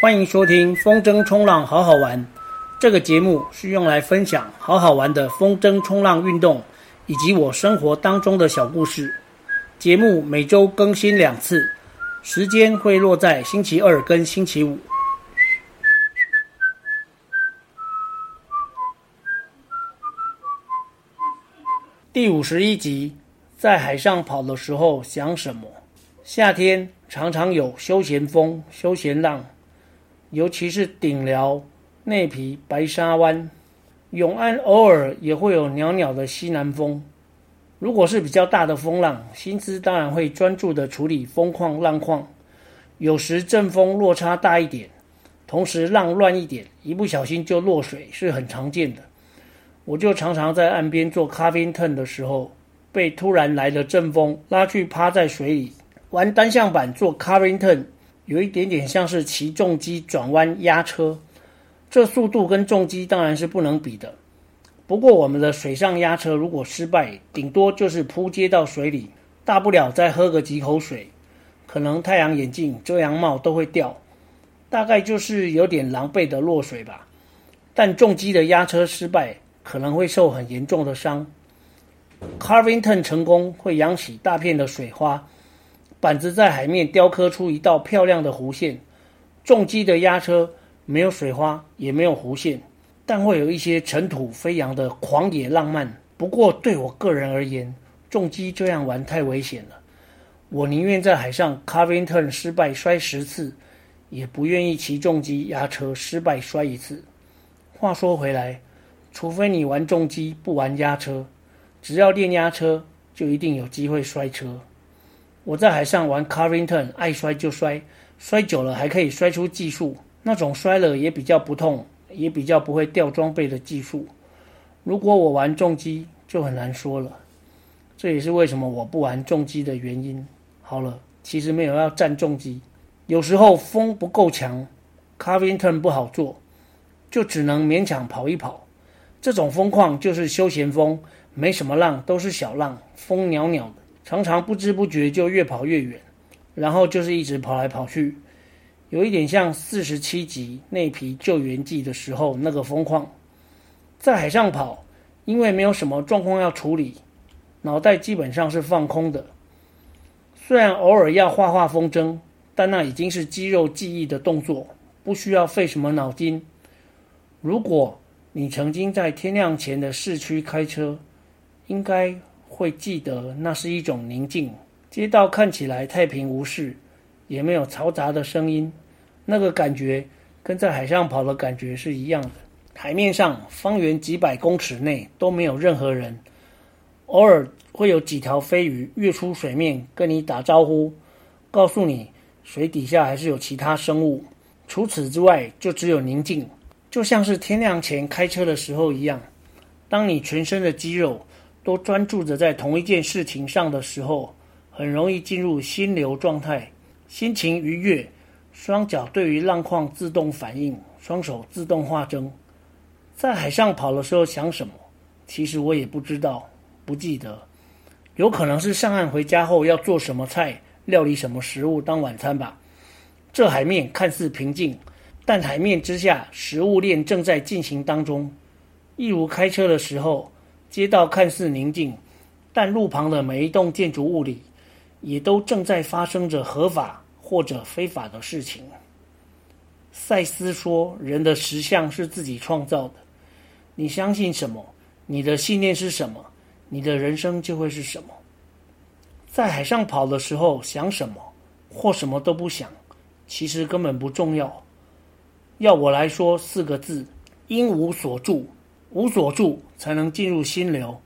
歡迎收聽《風箏衝浪好好玩》這個節目是用來分享好好玩的風箏衝浪運動以及我生活當中的小故事。節目每周更新兩次，時間會落在星期二跟星期五。第五十一集，在海上跑的時候想什麼？夏天常常有休閒風、休閒浪。尤其是頂寮、內埤、白沙灣、永安，偶爾也會有鳥鳥的西南風。如果是比較大的風浪，心思當然會專注地處理風況浪況。有時陣風落差大一點，同時浪亂一點，一不小心就落水是很常見的。我就常常在岸邊做 carving turn 的時候，被突然來的陣風拉去趴在水裡玩單向板做 carving turn。有一點點像是騎重機轉彎壓車，這速度跟重機當然是不能比的。不過我們的水上壓車如果失敗，頂多就是撲接到水裡，大不了再喝個幾口水，可能太陽眼鏡、遮陽帽都會掉，大概就是有點狼狽的落水吧。但重機的壓車失敗可能會受很嚴重的傷。Carvington 成功會揚起大片的水花。板子在海面雕刻出一道漂亮的弧線，重機的壓車沒有水花，也沒有弧線，但會有一些塵土飛揚的狂野浪漫。不過對我個人而言，重機這樣玩太危險了，我寧願在海上 carving turn 失敗摔十次，也不願意騎重機壓車失敗摔一次。話說回來，除非你玩重機不玩壓車，只要練壓車就一定有機會摔車。我在海上玩 Carving Turn，愛摔就摔，摔久了還可以摔出技術，那種摔了也比較不痛，也比較不會掉裝備的技術。如果我玩重機就很難說了，這也是為什麼我不玩重機的原因。好了，其實沒有要占重機。有時候風不夠強，Carving Turn 不好做，就只能勉強跑一跑。這種風況就是休閒風，沒什麼浪，都是小浪，風鳥鳥的。常常不知不覺就越跑越遠，然後就是一直跑來跑去，有一點像四十七集內埤救援記的時候那個瘋狂，在海上跑，因為沒有什麼狀況要處理，腦袋基本上是放空的。雖然偶爾要畫畫風箏，但那已經是肌肉記憶的動作，不需要費什麼腦筋。如果你曾經在天亮前的市區開車，應該。會記得那是一種寧靜，街道看起來太平無事，也沒有嘈雜的聲音，那個感覺跟在海上跑的感覺是一樣的。海面上方圓幾百公尺內都沒有任何人，偶爾會有幾條飛魚躍出水面跟你打招呼，告訴你水底下還是有其他生物。除此之外，就只有寧靜，就像是天亮前開車的時候一樣，當你全身的肌肉。都專注着在同一件事情上的時候，很容易進入心流狀態，心情愉悅，雙腳對於浪況自動反應，雙手自動化箏。在海上跑的時候想什麼？其實我也不知道，不記得。有可能是上岸回家後要做什麼菜，料理什麼食物當晚餐吧。這海面看似平靜，但海面之下，食物鏈正在進行當中，一如開車的時候。街道看似寧靜，但路旁的每一棟建築物裡，也都正在發生着合法或者非法的事情。賽斯說：“人的實相是自己創造的。你相信什麼，你的信念是什麼，你的人生就會是什麼。在海上跑的時候，想什麼或什麼都不想，其實根本不重要。要我來說，四個字：應無所住。”無所住才能進入心流，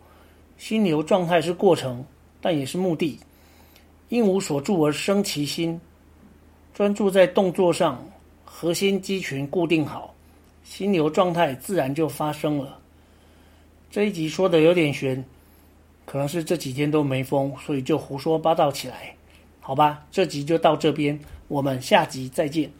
心流狀態是過程，但也是目的。因無所住而生其心，專注在動作上，核心肌群固定好，心流狀態自然就發生了。這一集說得有點玄，可能是這幾天都沒風，所以就胡說八道起來，好吧，這集就到這邊，我們下集再見。